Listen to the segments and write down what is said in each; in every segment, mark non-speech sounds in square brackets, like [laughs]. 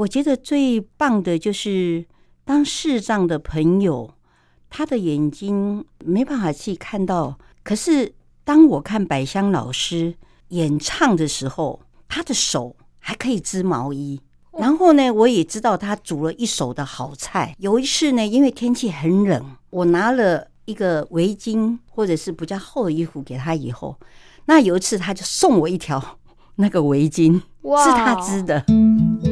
我覺得最棒的就是當視障的朋友，他的眼睛沒辦法去看到。可是當我看百香老師演唱的時候，他的手還可以織毛衣。然後呢，我也知道他煮了一手的好菜。有一次呢，因為天氣很冷，我拿了一個圍巾或者是比較厚的衣服給他。以後，那有一次他就送我一條那個圍巾，是他織的。Wow.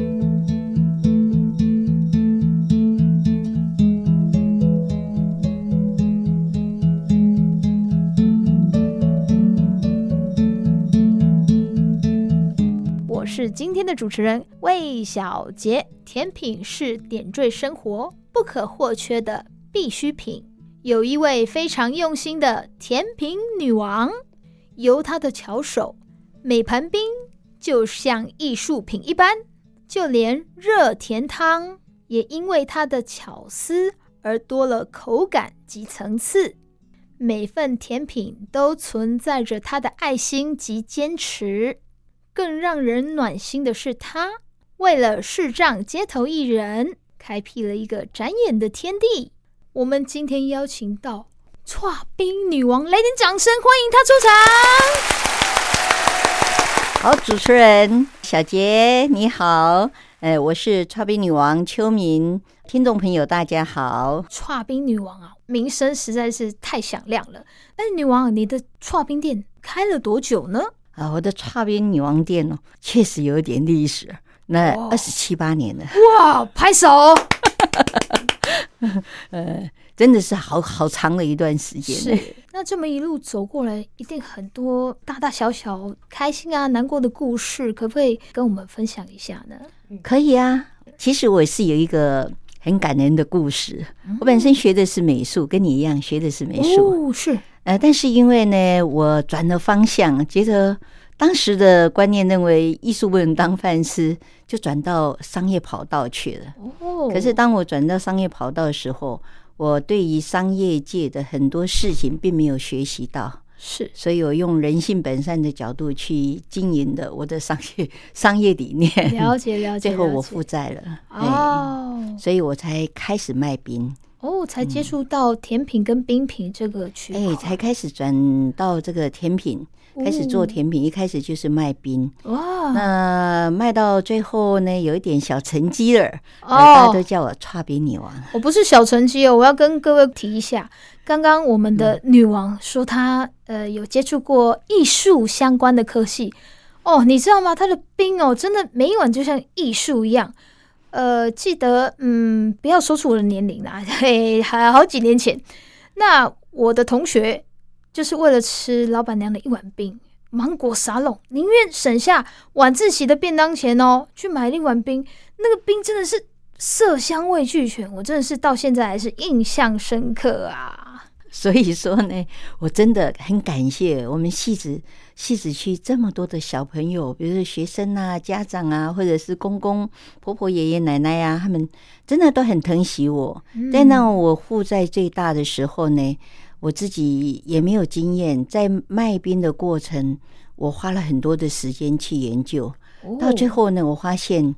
是今天的主持人魏小杰。甜品是點綴生活不可或缺的必需品。有一位非常用心的甜品女王，由她的巧手，每盤冰就像藝術品一般。就連熱甜湯也因為她的巧思而多了口感及層次。每份甜品都存在着她的愛心及堅持。更讓人暖心的是他，他為了視障街頭藝人開闢了一個展演的天地。我們今天邀請到挫冰女王，來點掌聲歡迎她出場。好，主持人小杰，你好，哎、呃，我是挫冰女王邱珉，聽眾朋友大家好。挫冰女王啊，名聲實在是太響亮了。哎，女王、啊，你的挫冰店開了多久呢？啊、哦，我的挫冰女王店哦，確實有點歷史，那 27, 哇二十七八年的哇，拍手， [laughs] [laughs] 呃，真的是好好長的一段時間。是，那這麼一路走過來，一定很多大大小小開心啊、難過的故事，可不可以跟我們分享一下呢？嗯、可以啊，其實我也是有一個。很感人的故事。我本身學的是美術，跟你一樣學的是美術。哦，是。呃，但是因為呢，我轉了方向，覺得當時的觀念認為藝術不能當飯吃，就轉到商業跑道去了。哦。可是當我轉到商業跑道的時候，我對於商業界的很多事情並沒有學習到。是，所以我用人性本善的角度去經營的我的商業商業理念。了解了解，了解，最後我負債了，了解，對，哦，所以我才開始賣冰哦，才接觸到甜品跟冰品這個區、啊，哎、嗯欸，才開始轉到這個甜品。開始做甜品，一開始就是賣冰。哇！Oh, 那賣到最後呢，有一點小成績了，oh, 大家都叫我“挫冰女王”。我不是小成績哦，我要跟各位提一下，剛剛我們的女王說她呃有接觸過藝術相關的科系。哦，你知道嗎？她的冰哦，真的每一碗就像藝術一樣。呃，記得嗯，不要說出我的年齡啦。嘿，還好幾年前，那我的同學。就是為了吃老闆娘的一碗冰芒果沙龍，寧願省下晚自習的便當錢哦、喔，去買一碗冰。那個冰真的是色香味俱全，我真的是到現在還是印象深刻啊。所以說呢，我真的很感謝我們汐止汐止區這麼多的小朋友，比如說學生啊、家長啊，或者是公公婆婆、爺爺奶奶啊，他們真的都很疼惜我，嗯、在讓我負債最大的時候呢。我自己也沒有經驗，在賣冰的過程，我花了很多的時間去研究。哦、到最後呢，我發現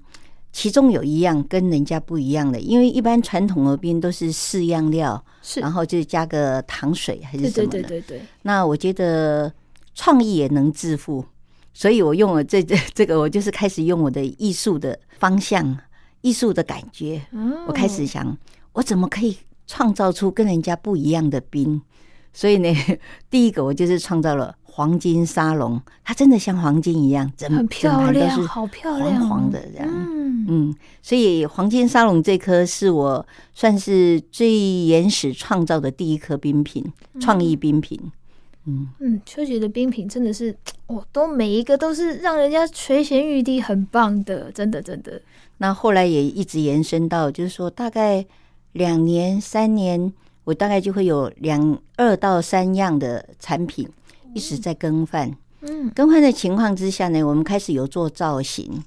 其中有一樣跟人家不一樣的，因為一般傳統的冰都是四樣料，是，然後就加個糖水還是什麼的。對對對對，對，對。那我覺得創意也能致富，所以我用了這這個、這個，我就是開始用我的藝術的方向，藝術的感覺。哦、我開始想，我怎麼可以。創造出跟人家不一樣的冰，所以呢，第一個我就是創造了黃金沙龍，它真的像黃金一樣，很漂亮，好漂亮，黃黃的這樣。嗯嗯，所以黃金沙龍這顆是我算是最原始創造的第一顆冰品，創意冰品，嗯。嗯嗯，邱珉的冰品真的是，哦，都每一個都是讓人家垂涎欲滴，很棒的，真的真的。那後來也一直延伸到，就是說大概。兩年三年，我大概就會有兩二到三樣的產品一直在更換。嗯，更換的情況之下呢，我們開始有做造型，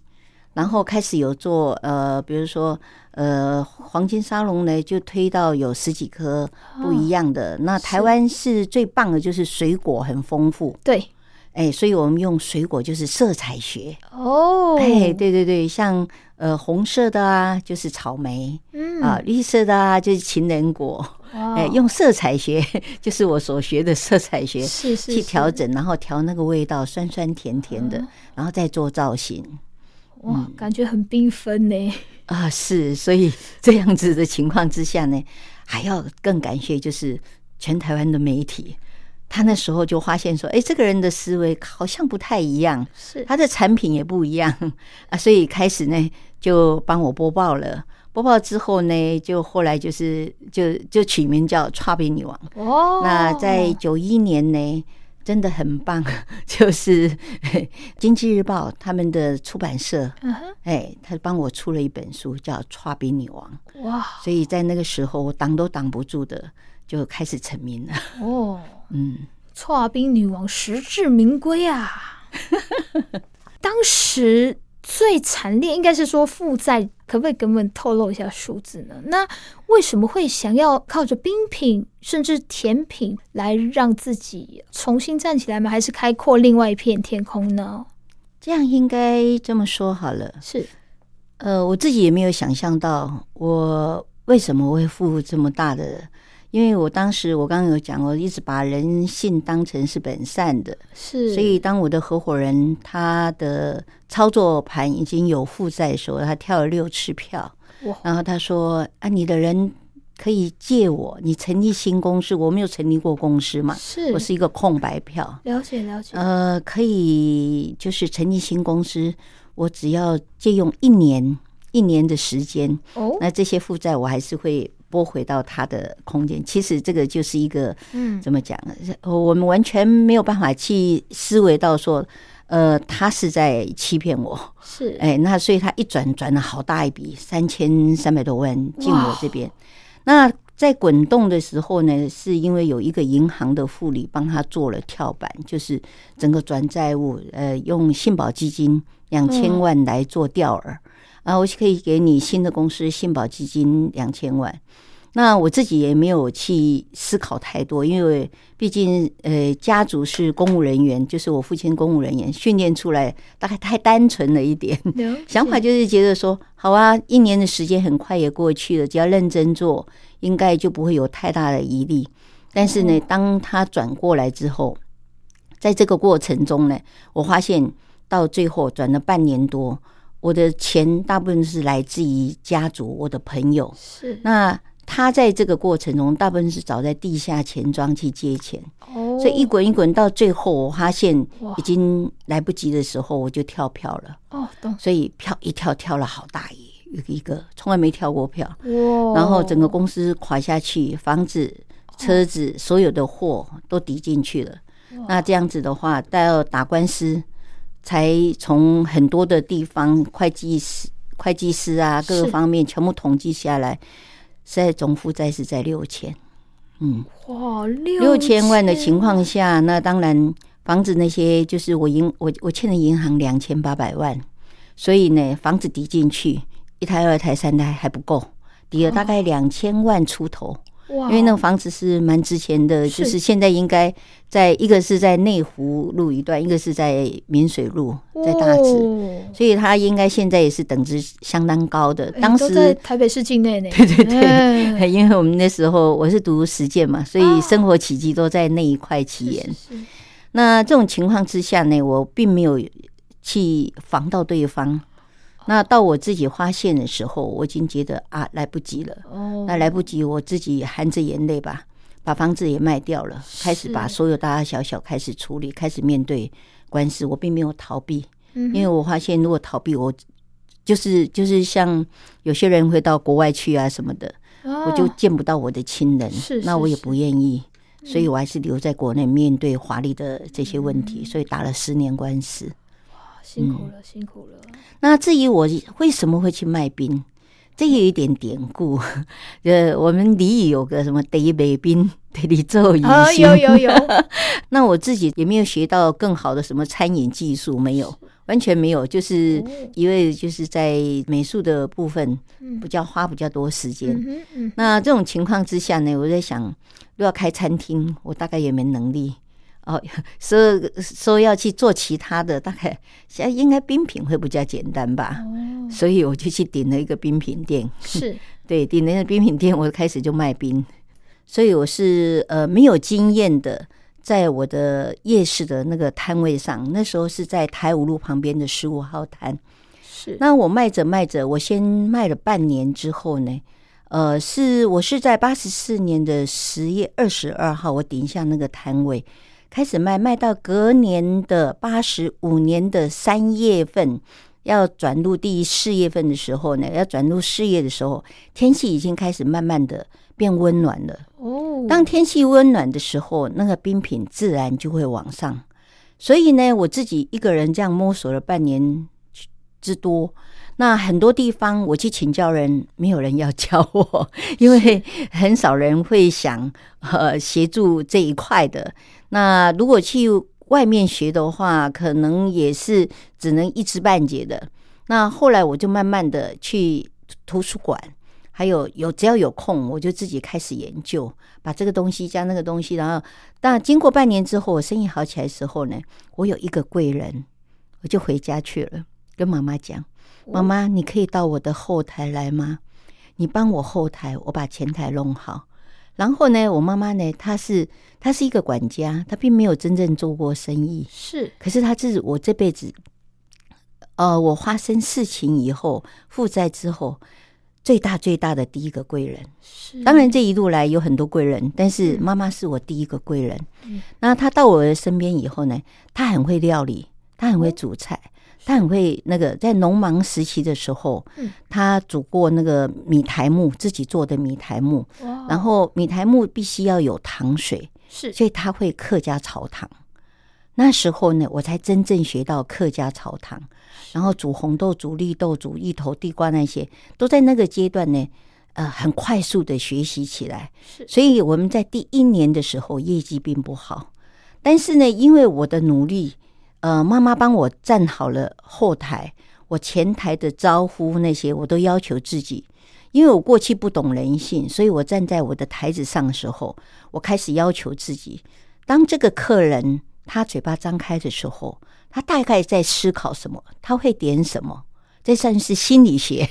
然後開始有做呃，比如說呃，黃金沙龍呢就推到有十幾顆不一樣的。哦，那台灣是，是最棒的，就是水果很豐富。對。哎、欸，所以我們用水果就是色彩學哦，哎、oh. 欸，對對對，像呃紅色的啊，就是草莓，嗯啊、mm. 呃，綠色的啊，就是情人果，哎、oh. 欸，用色彩學 [laughs] 就是我所學的色彩學是，是，是去調整，然後調那個味道酸酸甜甜的，uh. 然後再做造型，哇，嗯、感覺很繽紛呢啊，是，所以這樣子的情況之下呢，還要更感謝就是全台灣的媒體。他那時候就發現說：“哎、欸，這個人的思維好像不太一樣，是他的產品也不一樣啊。”所以開始呢，就幫我播報了。播報之後呢，就後來就是就就取名叫“挫冰女王”。哦，oh. 那在九一年呢，真的很棒，就是哎，《經濟日報》他們的出版社，uh huh. 哎，他幫我出了一本書叫《挫冰女王》。哇！Wow. 所以在那個時候，我擋都擋不住的，就開始成名了。哦。Oh. 嗯，挫冰女王實至名歸啊！ [laughs] 當時最慘烈，應該是說負債，可不可以給我們透露一下數字呢？那為什麼會想要靠着冰品甚至甜品來讓自己重新站起來嗎？還是開闊另外一片天空呢？這樣應該這麼說好了。是，呃，我自己也沒有想象到，我為什麼會負這麼大的。因為我當時我剛剛有講，我一直把人性當成是本善的，是。所以當我的合夥人他的操作盤已經有負債的時候，他跳了六次票，然後他說：“啊，你的人可以借我，你成立新公司，我沒有成立過公司嘛，是，我是一個空白票。”了解了解。呃，可以，就是成立新公司，我只要借用一年一年的時間，哦，那這些負債我還是會。撥回到他的空間，其實這個就是一個，嗯，怎麼講？嗯、我們完全沒有辦法去思維到說，呃，他是在欺騙我，是，哎，那所以他一轉轉了好大一筆，三千三百多萬進我這邊。哇 那在滾動的時候呢，是因為有一個銀行的副理幫他做了跳板，就是整個轉債務，呃，用信保基金兩千萬來做釣餌。啊，我可以給你新的公司信保基金兩千萬。那我自己也沒有去思考太多，因為畢竟呃，家族是公務人員，就是我父親公務人員訓練出來，大概太單純了一點。嗯、想法就是覺得說，好啊，一年的時間很快也過去了，只要認真做，應該就不會有太大的疑慮。但是呢，當他轉過來之後，在這個過程中呢，我發現到最後轉了半年多。我的錢大部分是來自於家族，我的朋友。是，那他在這個過程中，大部分是找在地下錢莊去借錢。哦，所以一滾一滾到最後，我發現已經來不及的時候，我就跳票了。哦，懂。所以票一跳跳了好大一個一個，從來沒跳過票。然後整個公司垮下去，房子、車子、所有的貨都抵進去了。那這樣子的話，到要打官司。才從很多的地方會計師、會計師啊各個方面全部統計下來，現在總負債是在六千，嗯，哇六千萬的情況下，那當然房子那些就是我銀我我欠的銀行兩千八百萬，所以呢房子抵進去一胎、二胎、三胎還不夠，抵了大概兩千萬出頭。哦因為那房子是蠻值錢的，哇就是現在應該在一個是在內湖路一段，是一個是在明水路，在大直，哦、所以它應該現在也是等值相當高的。欸、當時都在台北市境內呢，對對對，欸、因為我們那時候我是讀實踐嘛，所以生活起居都在那一塊起延。啊、那這種情況之下呢，我並沒有去防到對方。那到我自己發現的時候，我已經覺得啊來不及了。Oh. 那來不及，我自己含着眼淚吧，把房子也賣掉了，開始把所有大大小小開始處理，是開始面對官司。我並沒有逃避，嗯、哼因為我發現如果逃避，我就是就是像有些人會到國外去啊什麼的，Oh. 我就見不到我的親人。是是是，那我也不願意，嗯、所以我還是留在國內面對華麗的這些問題，嗯、所以打了十年官司。辛苦了，嗯、辛苦了。那至於我為什麼會去賣冰，嗯、這也有一點典故。呃、嗯， [laughs] 我們俚語有個什麼“第一賣冰，第二做醫生”。哦，有有有。 [laughs] 那我自己也沒有學到更好的什麼餐飲技術，沒有，完全沒有。就是因為就是在美術的部分比較花比較多時間。嗯嗯嗯、那這種情況之下呢，我在想，如果要開餐廳，我大概也沒能力。哦，所以說要去做其他的，大概現在應該冰品會比較簡單吧，oh. 所以我就去頂了一個冰品店。是， [laughs] 對，頂了一個冰品店，我開始就賣冰，所以我是呃沒有經驗的，在我的夜市的那個攤位上，那時候是在台五路旁邊的十五號攤。是，那我賣着賣着，我先賣了半年之後呢，呃，是我是在八十四年的十月二十二號，我頂一下那個攤位。開始賣，賣到隔年的八十五年的三月份，要轉入第四月份的時候呢，要轉入四月的時候，天氣已經開始慢慢的變溫暖了。當天氣溫暖的時候，那個冰品自然就會往上。所以呢，我自己一個人這樣摸索了半年之多。那很多地方我去請教人，沒有人要教我，因為很少人會想呃協助這一塊的。那如果去外面學的話，可能也是只能一知半解的。那後來我就慢慢的去圖書館，還有有只要有空，我就自己開始研究，把這個東西加那個東西。然後，但經過半年之後，我生意好起來的時候呢，我有一個貴人，我就回家去了，跟媽媽講：“媽媽，你可以到我的後台來嗎？你幫我後台，我把前台弄好。”然後呢，我媽媽呢，她是她是一個管家，她並沒有真正做過生意，是。可是她是我這輩子，呃，我發生事情以後，負債之後，最大最大的第一個貴人。是。當然這一路來有很多貴人，但是媽媽是我第一個貴人。嗯是，那她到我的身邊以後呢，她很會料理，她很會煮菜。嗯他很會那個，在農忙時期的時候，嗯、他煮過那個米苔目，自己做的米苔目。哇然後米苔目必須要有糖水，是所以他會客家炒糖。那時候呢，我才真正學到客家炒糖。是然後煮紅豆、煮綠豆、煮芋頭、地瓜那些，都在那個階段呢，呃，很快速的學習起來。是所以我們在第一年的時候業績並不好，但是呢，因為我的努力。呃，媽媽幫我站好了後台，我前台的招呼那些我都要求自己。因為我過去不懂人性，所以我站在我的台子上的時候，我開始要求自己，當這個客人他嘴巴張開的時候，他大概在思考什麼，他會點什麼。這算是心理學。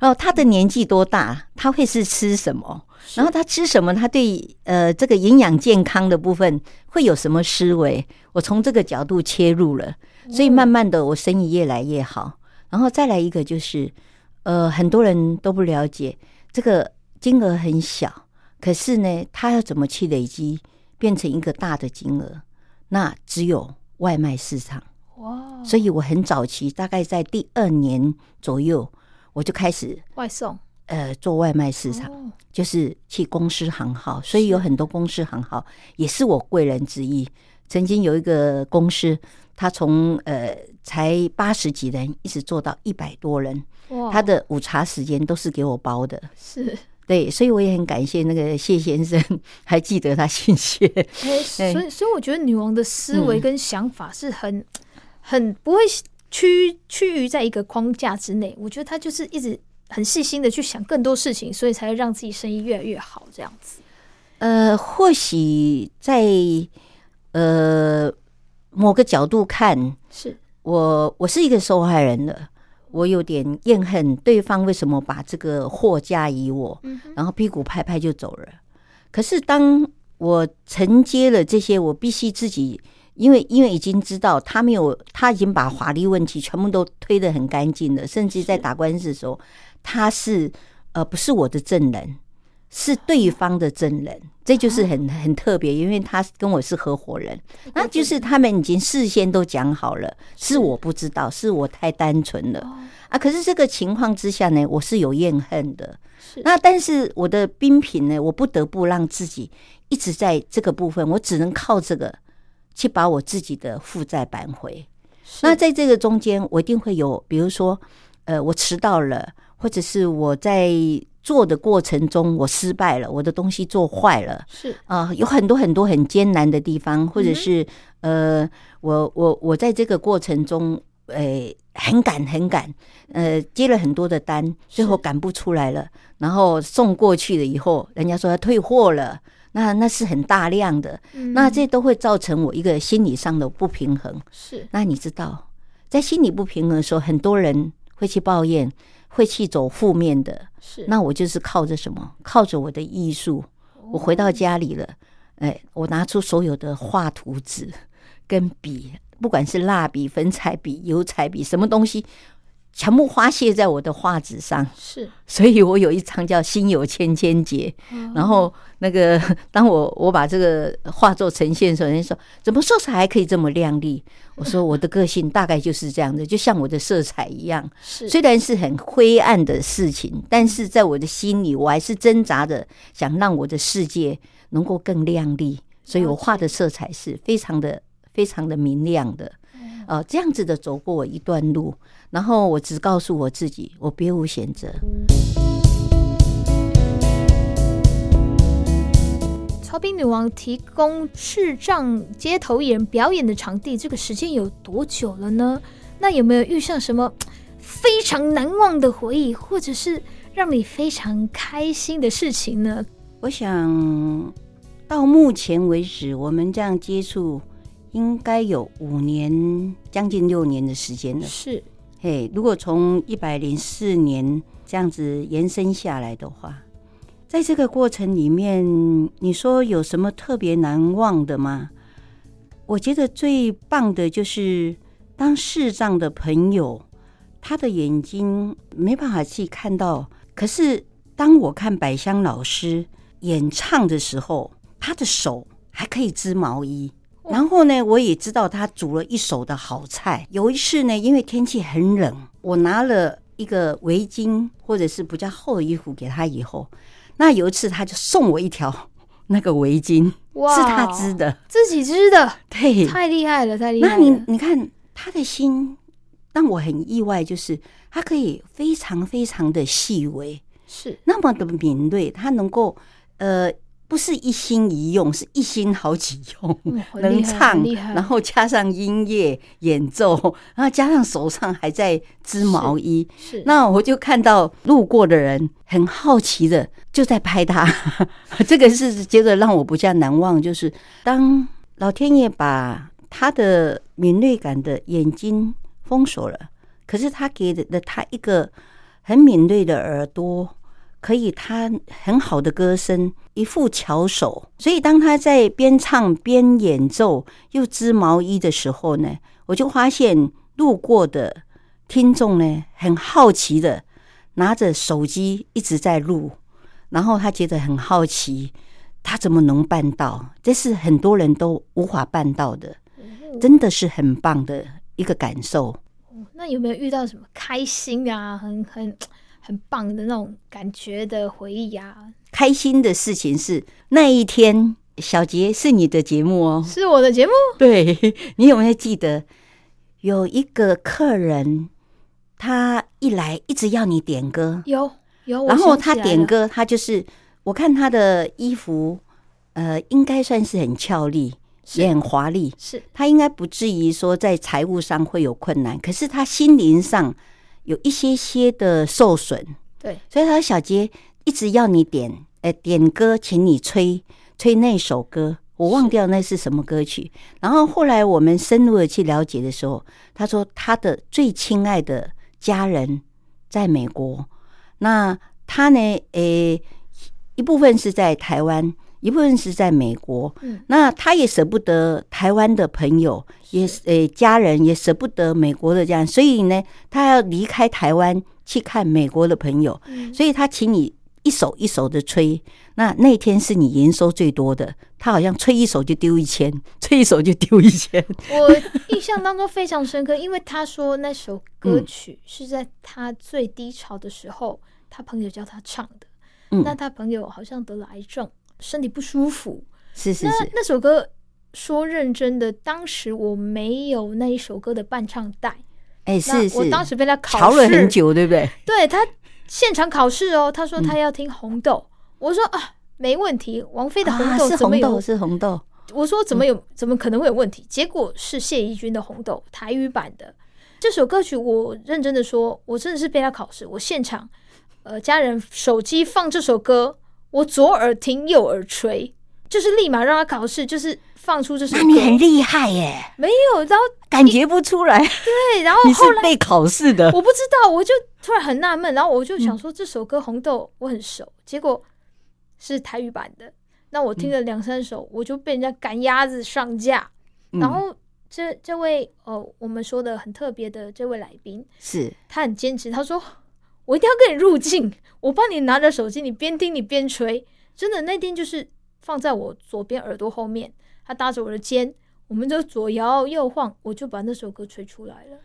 然後他的年紀多大？他會是吃什麼？然後他吃什麼？他對呃這個營養健康的部分會有什麼思維？我從這個角度切入了，所以慢慢的我生意越來越好。然後再來一個就是，呃，很多人都不了解，這個金額很小，可是呢，他要怎麼去累積變成一個大的金額？那只有外賣市場。哇！Wow, 所以我很早期，大概在第二年左右，我就開始外送，呃，做外賣市場，oh, 就是去公司行號。所以有很多公司行號是也是我貴人之一。曾經有一個公司，他從呃才八十幾人，一直做到一百多人。他 Wow, 的午茶時間都是給我包的，是對，所以我也很感謝那個謝先生，還記得他姓謝。所以所以我覺得女王的思維跟想法是很、嗯。很不會趨趨於在一個框架之內，我覺得他就是一直很細心的去想更多事情，所以才會讓自己生意越來越好這樣子。呃，或許在呃某個角度看，是我我是一個受害人的，我有點怨恨，對方為什麼把這個禍嫁予我，嗯、哼然後屁股拍拍就走了。可是當我承接了這些，我必須自己。因為因為已經知道他沒有，他已經把法律問題全部都推得很乾淨了，甚至在打官司的時候，他是呃不是我的證人，是對方的證人，這就是很很特別，因為他跟我是合夥人，那就是他們已經事先都講好了，是我不知道，是我太單純了啊。可是這個情況之下呢，我是有怨恨的，是那但是我的冰品呢，我不得不讓自己一直在這個部分，我只能靠這個。去把我自己的負債扳回。是那在這個中間，我一定會有，比如說，呃，我遲到了，或者是我在做的過程中，我失敗了，我的東西做壞了，是啊、呃，有很多很多很艱難的地方，嗯、哼或者是呃，我我我在這個過程中，誒、呃，很趕很趕，呃，接了很多的單，最後趕不出來了，是然後送過去了以後，人家說要退貨了。那那是很大量的，嗯、那這都會造成我一個心理上的不平衡。是，那你知道，在心理不平衡的時候，很多人會去抱怨，會去走負面的。是，那我就是靠着什麼？靠着我的藝術。我回到家裡了，嗯、哎，我拿出所有的畫圖紙跟筆，不管是蠟筆、粉彩筆、油彩筆，什麼東西。全部花謝在我的畫紙上，是，所以我有一張叫“心有千千結”。嗯，然後，那個當我我把這個畫作呈現的時候，人家說：“怎麼色彩還可以這麼亮麗？”我說：“我的個性大概就是這樣子， [laughs] 就像我的色彩一樣，是，雖然是很灰暗的事情，但是在我的心裡，我還是掙扎着想讓我的世界能夠更亮麗。所以我畫的色彩是非常的、了解，非常的明亮的。”呃這樣子的走過一段路，然後我只告訴我自己，我別無選擇。挫冰女王提供視障街頭藝人表演的場地，這個時間有多久了呢？那有沒有遇上什麼非常難忘的回憶，或者是讓你非常開心的事情呢？我想到目前為止，我們這樣接觸。應該有五年，將近六年的時間了。是，嘿，hey, 如果從一百零四年這樣子延伸下來的話，在這個過程裡面，你說有什麼特別難忘的嗎？我覺得最棒的就是當視障的朋友，他的眼睛沒辦法去看到，可是當我看百香老師演唱的時候，他的手還可以織毛衣。然後呢，我也知道他煮了一手的好菜。有一次呢，因為天氣很冷，我拿了一個圍巾或者是比較厚的衣服給他，以後，那有一次他就送我一條那個圍巾。哇，Wow, 是他織的，自己織的，對，太厲害了，太厲害了。那你你看他的心讓我很意外，就是他可以非常非常的細微，是那麼的敏銳，他能夠呃。不是一心一用，是一心好幾用，能唱，然後加上音樂演奏，然後加上手上還在織毛衣。是，是。那我就看到路過的人很好奇的就在拍他。 [laughs] 這個是覺得讓我不再難忘，就是當老天爺把他的敏銳感的眼睛封鎖了，可是他給了他一個很敏銳的耳朵。可以，他很好的歌聲，一副巧手。所以，當他在邊唱邊演奏又織毛衣的時候呢，我就發現路過的聽眾呢，很好奇的拿着手機一直在錄，然後他覺得很好奇，他怎麼能辦到？這是很多人都無法辦到的，真的是很棒的一個感受。嗯，那有沒有遇到什麼開心啊？很很。很棒的那種感覺的回憶啊！開心的事情是那一天，小杰是你的節目哦、喔，是我的節目。對你有沒有記得有一個客人，他一來一直要你點歌，有有，有然後他點歌，他就是我看他的衣服，呃，應該算是很俏麗，也很華麗，是他應該不至於說在財務上會有困難，可是他心靈上。有一些些的受損，對，所以他說小杰，一直要你點，呃、欸，點歌，請你吹吹那首歌，我忘掉那是什麼歌曲。是然後後來我們深入的去了解的時候，他說他的最親愛的家人在美國，那他呢，誒、欸，一部分是在台灣。一部分是在美國，嗯、那他也捨不得台灣的朋友，是也誒家人，也捨不得美國的家人，所以呢，他要離開台灣去看美國的朋友，嗯、所以他請你一首一首的吹，那那天是你營收最多的，他好像吹一首就丟一千，吹一首就丟一千。我印象當中非常深刻， [laughs] 因為他說那首歌曲是在他最低潮的時候，嗯、他朋友叫他唱的，嗯、那他朋友好像得了癌症。身體不舒服，是是是，那那首歌說認真的，當時我沒有那一首歌的伴唱帶，哎、欸，是，是。那我當時被他考了很久，對不對？對，他現場考試哦，他說他要聽《紅豆》，嗯，我說啊，沒問題。王菲的《紅豆怎麼有、啊》是紅豆，是紅豆。我說怎麼有？嗯、怎麼可能會有問題？結果是謝宜君的《紅豆》台語版的、嗯、這首歌曲，我認真的說，我真的是被他考試。我現場，呃，家人手機放這首歌。我左耳聽，右耳吹，就是立馬讓他考試，就是放出這首歌，那你很厲害耶、欸！沒有，然後感覺不出來。對，然後,後來你是被考試的，我不知道，我就突然很納悶，然後我就想說這首歌《紅豆》我很熟，嗯、結果是台語版的。那我聽了兩三首，嗯、我就被人家趕鴨子上架。嗯、然後這這位哦，我們說的很特別的這位來賓，是他很堅持，他說我一定要跟你入鏡。我幫你拿着手機，你邊聽你邊吹，真的那天就是放在我左邊耳朵後面，他搭着我的肩，我們就左搖右晃，我就把那首歌吹出來了。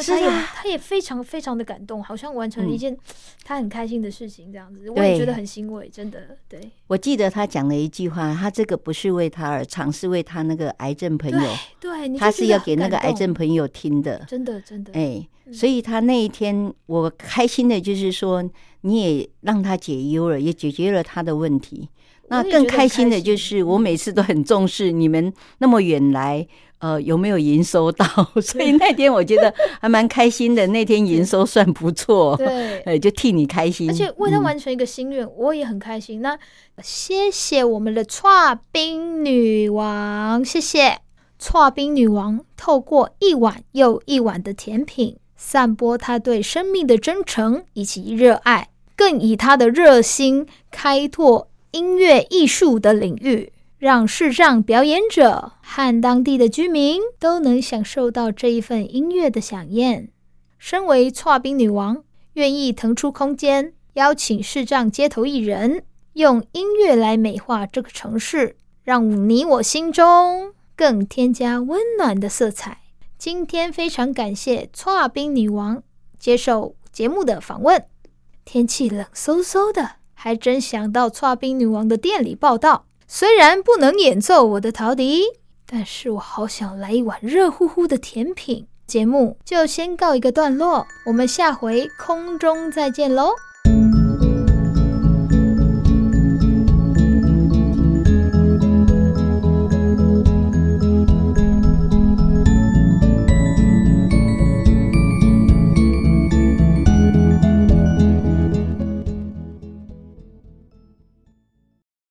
所以他、啊、他也非常非常的感動，好像完成了一件他很開心的事情，這樣子，嗯、我也覺得很欣慰，對真的。對，我記得他講了一句話，他這個不是為他而唱，是，為他那個癌症朋友，對，對他是要給那個癌症朋友聽的，真的，真的。哎、欸，嗯、所以他那一天，我開心的就是說，你也讓他解憂了，也解決了他的問題。那更開心的就是，我，我每次都很重視你們那麼遠來。呃，有沒有營收到？ [laughs] 所以那天我覺得還蠻開心的， [laughs] 那天營收算不錯，嗯。對、欸，就替你開心。而且為他完成一個心願，嗯、我也很開心。那謝謝我們的挫冰女王，謝謝挫冰女王，透過一碗又一碗的甜品，散播她對生命的真誠以及熱愛，更以她的熱心開拓音樂藝術的領域，讓視障表演者和當地的居民都能享受到這一份音樂的饗宴。身為挫冰女王，願意騰出空間，邀請視障街頭藝人，用音樂來美化這個城市，讓你我心中更添加溫暖的色彩。今天非常感謝挫冰女王接受節目的訪問。天氣冷颼颼的，還真想到挫冰女王的店裡報到。雖然不能演奏我的陶笛，但是我好想來一碗熱乎乎的甜品。節目就先告一個段落，我們下回空中再見嘍。